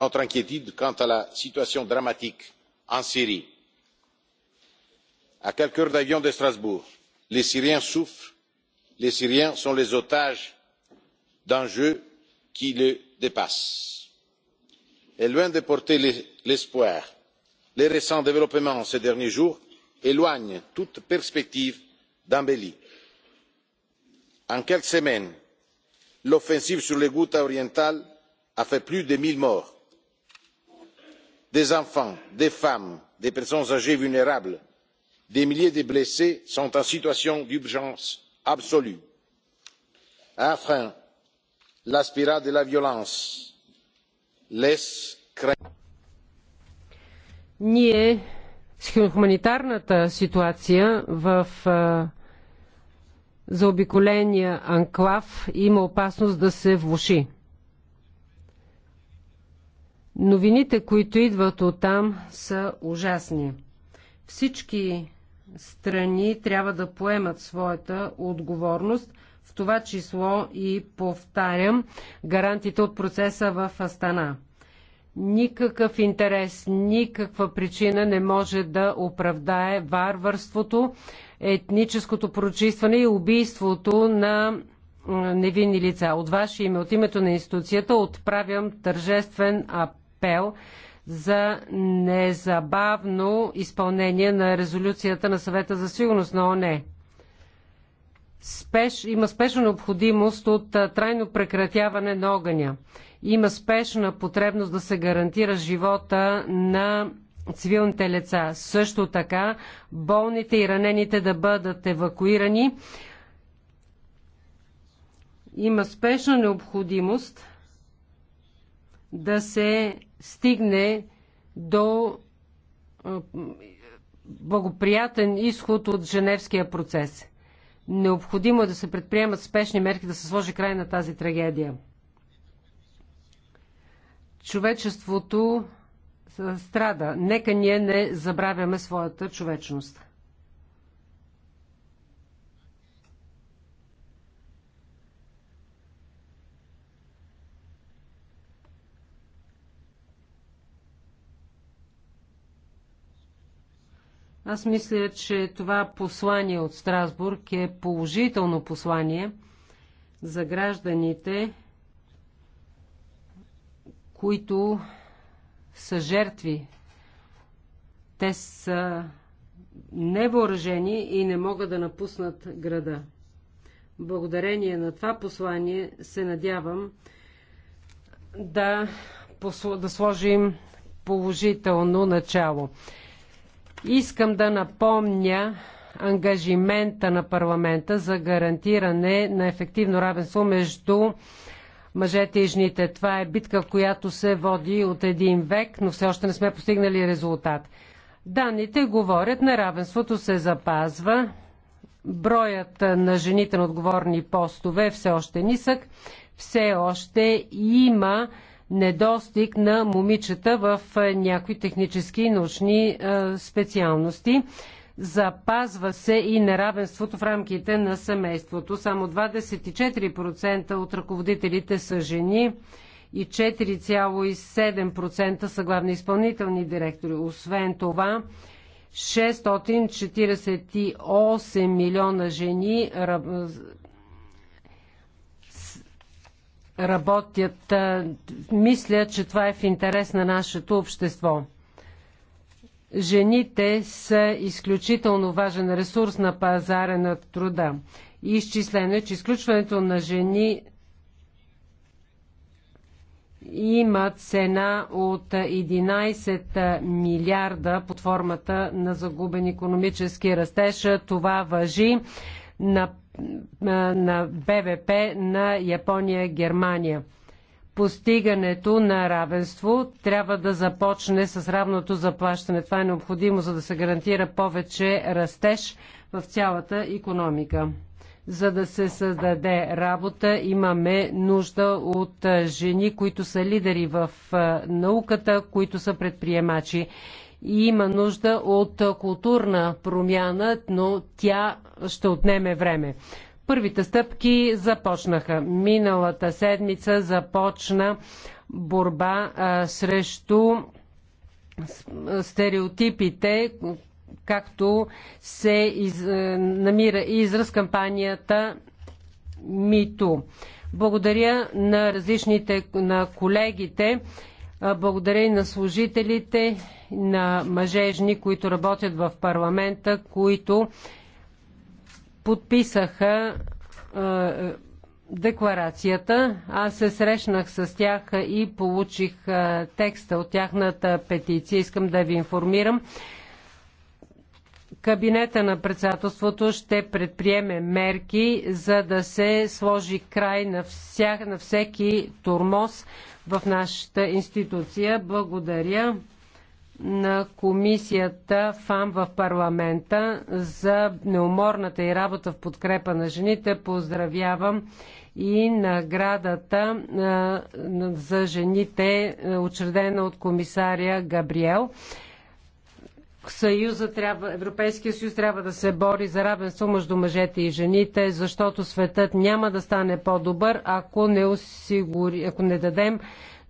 notre inquiétude quant à la situation dramatique en syrie. à quelques heures d'avion de strasbourg les syriens souffrent les syriens sont les otages d'un jeu qui les dépasse. loin de porter l'espoir les récents développements ces derniers jours éloignent toute perspective d'embellie. en quelques semaines l'offensive sur les ghouta orientales a fait plus de un zéro morts des enfants des femmes des personnes âgées vulnérables des milliers de blessés sont en situation d'urgence absolue. enfin la spirale de la violence laisse craindre. хуманитарната ситуация в заобиколения анклав има опасност да се влуши. Новините, които идват от там, са ужасни. Всички страни трябва да поемат своята отговорност, в това число и, повтарям, гарантите от процеса в Астана. Никакъв интерес, никаква причина не може да оправдае варварството, етническото прочистване и убийството на невинни лица. От ваше име, от името на институцията, отправям тържествен апел апел за незабавно изпълнение на резолюцията на съвета за сигурност на ОНЕ. Спеш, има спешна необходимост от трайно прекратяване на огъня. Има спешна потребност да се гарантира живота на цивилните лица. Също така болните и ранените да бъдат евакуирани. Има спешна необходимост да се стигне до благоприятен изход от Женевския процес. Необходимо е да се предприемат спешни мерки да се сложи край на тази трагедия. Човечеството страда. Нека ние не забравяме своята човечност. Аз мисля, че това послание от Страсбург е положително послание за гражданите, които са жертви. Те са невооръжени и не могат да напуснат града. Благодарение на това послание се надявам да, да сложим положително начало. Искам да напомня ангажимента на парламента за гарантиране на ефективно равенство между мъжете и жените. Това е битка, която се води от един век, но все още не сме постигнали резултат. Данните говорят, неравенството се запазва, броят на жените на отговорни постове е все още нисък, все още има недостиг на момичета в е, някои технически и научни е, специалности. Запазва се и неравенството в рамките на семейството. Само 24% от ръководителите са жени и 4,7% са главни изпълнителни директори. Освен това, 648 милиона жени работят. Мисля, че това е в интерес на нашето общество. Жените са изключително важен ресурс на пазара на труда. И изчислено е, че изключването на жени има цена от 11 милиарда под формата на загубен економически растеж. Това въжи на на БВП на Япония, Германия. Постигането на равенство трябва да започне с равното заплащане. Това е необходимо, за да се гарантира повече растеж в цялата економика. За да се създаде работа, имаме нужда от жени, които са лидери в науката, които са предприемачи и има нужда от културна промяна, но тя ще отнеме време. Първите стъпки започнаха. Миналата седмица започна борба а, срещу стереотипите, както се из, намира израз кампанията МИТО. Благодаря на различните на колегите благодаря и на служителите, на мъжежни, които работят в парламента, които подписаха е, декларацията. Аз се срещнах с тях и получих е, текста от тяхната петиция. Искам да ви информирам, Кабинета на председателството ще предприеме мерки, за да се сложи край на, вся, на всеки турмоз в нашата институция. Благодаря на комисията ФАМ в парламента за неуморната и работа в подкрепа на жените. Поздравявам и наградата за жените, учредена от комисаря Габриел. Съюза трябва, Европейския съюз трябва да се бори за равенство между мъжете и жените, защото светът няма да стане по-добър, ако не, осигури, ако не дадем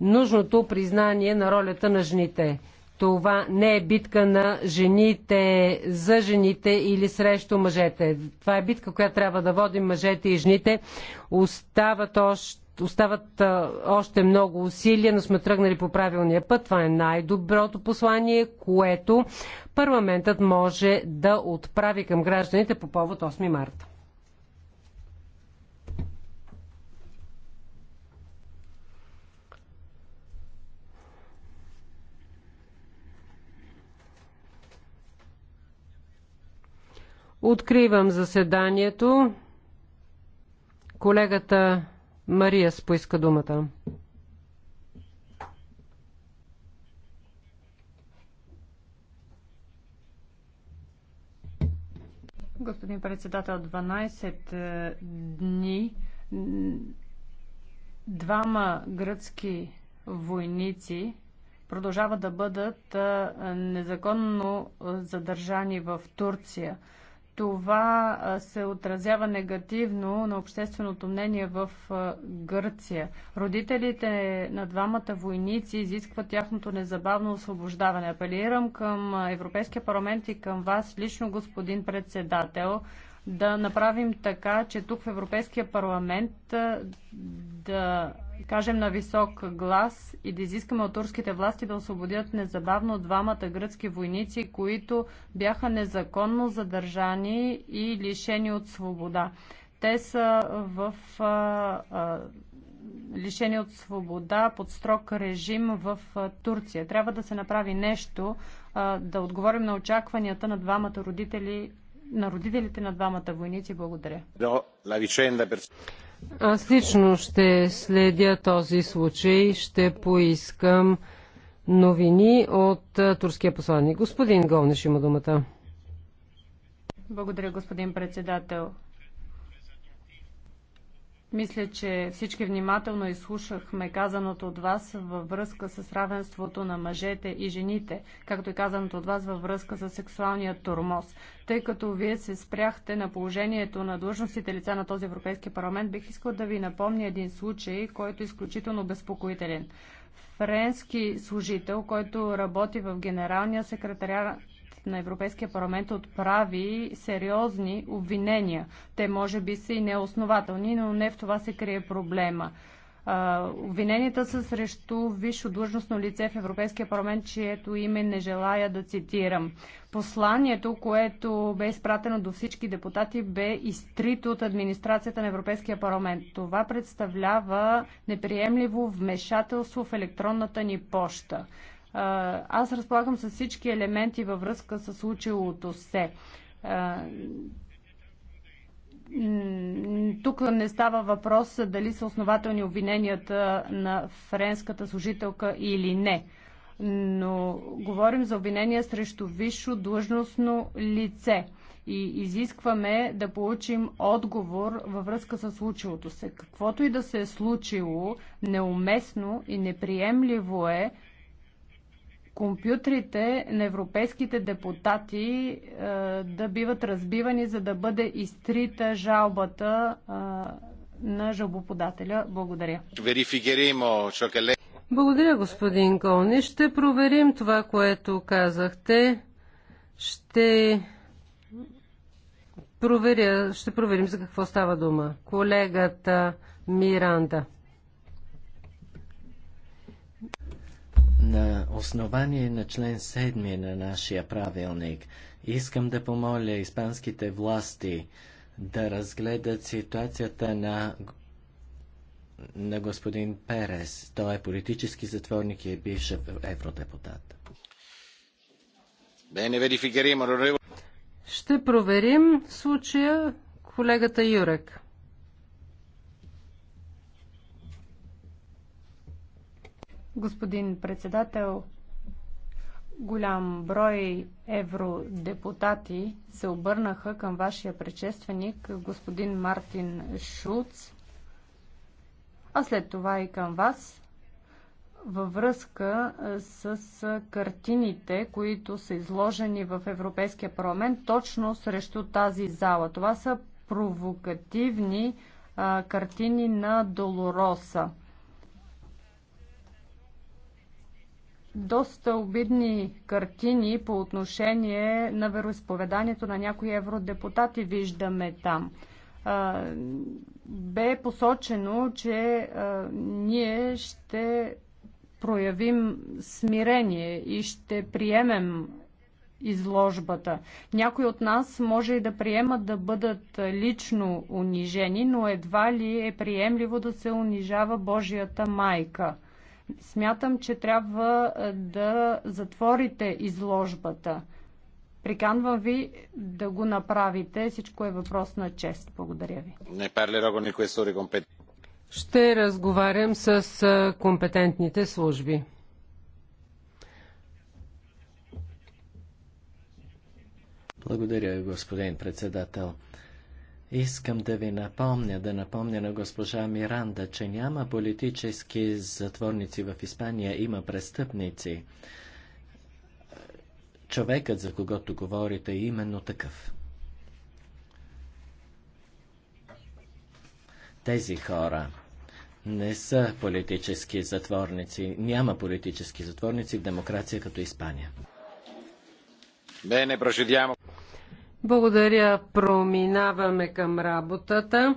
нужното признание на ролята на жените. Това не е битка на жените за жените или срещу мъжете. Това е битка, която трябва да водим мъжете и жените. Остават още остават още много усилия, но сме тръгнали по правилния път. Това е най-доброто послание, което парламентът може да отправи към гражданите по повод 8 марта. Откривам заседанието. Колегата Мария поиска думата. Господин председател, 12 е, дни двама гръцки войници продължават да бъдат е, незаконно е, задържани в Турция това се отразява негативно на общественото мнение в Гърция. Родителите на двамата войници изискват тяхното незабавно освобождаване. Апелирам към Европейския парламент и към вас лично, господин председател, да направим така, че тук в Европейския парламент да кажем на висок глас и да изискаме от турските власти да освободят незабавно двамата гръцки войници, които бяха незаконно задържани и лишени от свобода. Те са в а, а, лишени от свобода под строг режим в а, Турция. Трябва да се направи нещо, а, да отговорим на очакванията на двамата родители на родителите на двамата войници. Благодаря. Аз лично ще следя този случай, ще поискам новини от турския посланник. Господин Голниш има думата. Благодаря, господин председател. Мисля, че всички внимателно изслушахме казаното от вас във връзка с равенството на мъжете и жените, както и казаното от вас във връзка с сексуалния тормоз. Тъй като вие се спряхте на положението на длъжностите лица на този Европейски парламент, бих искал да ви напомня един случай, който е изключително безпокоителен френски служител, който работи в генералния секретаря на Европейския парламент отправи сериозни обвинения. Те може би са и неоснователни, но не в това се крие проблема. Обвиненията са срещу висше длъжностно лице в Европейския парламент, чието име не желая да цитирам. Посланието, което бе изпратено до всички депутати, бе изтрито от администрацията на Европейския парламент. Това представлява неприемливо вмешателство в електронната ни поща. Аз разполагам с всички елементи във връзка с случилото се тук не става въпрос дали са основателни обвиненията на френската служителка или не. Но говорим за обвинения срещу висше длъжностно лице и изискваме да получим отговор във връзка с случилото се. Каквото и да се е случило, неуместно и неприемливо е компютрите на европейските депутати е, да биват разбивани, за да бъде изтрита жалбата е, на жалбоподателя. Благодаря. Благодаря, господин Колни. Ще проверим това, което казахте. Ще проверя, ще проверим за какво става дума. Колегата Миранда. на основание на член 7 на нашия правилник. Искам да помоля испанските власти да разгледат ситуацията на, на господин Перес. Той е политически затворник и е бивш евродепутат. Ще проверим случая колегата Юрек. Господин председател, голям брой евродепутати се обърнаха към вашия предшественик, господин Мартин Шуц, а след това и към вас, във връзка с картините, които са изложени в Европейския парламент точно срещу тази зала. Това са провокативни а, картини на Долороса. доста обидни картини по отношение на вероисповеданието на някои евродепутати виждаме там. Бе посочено, че ние ще проявим смирение и ще приемем изложбата. Някои от нас може и да приемат да бъдат лично унижени, но едва ли е приемливо да се унижава Божията майка – Смятам, че трябва е, да затворите изложбата. Приканвам ви да го направите. Всичко е въпрос на чест. Благодаря ви. Не парлерò con il Ще разговарям с е, компетентните служби. Благодаря, ви, господин председател. Искам да ви напомня, да напомня на госпожа Миранда, че няма политически затворници в Испания, има престъпници. Човекът, за когото говорите, е именно такъв. Тези хора не са политически затворници. Няма политически затворници в демокрация като Испания. Бене, благодаря. Проминаваме към работата.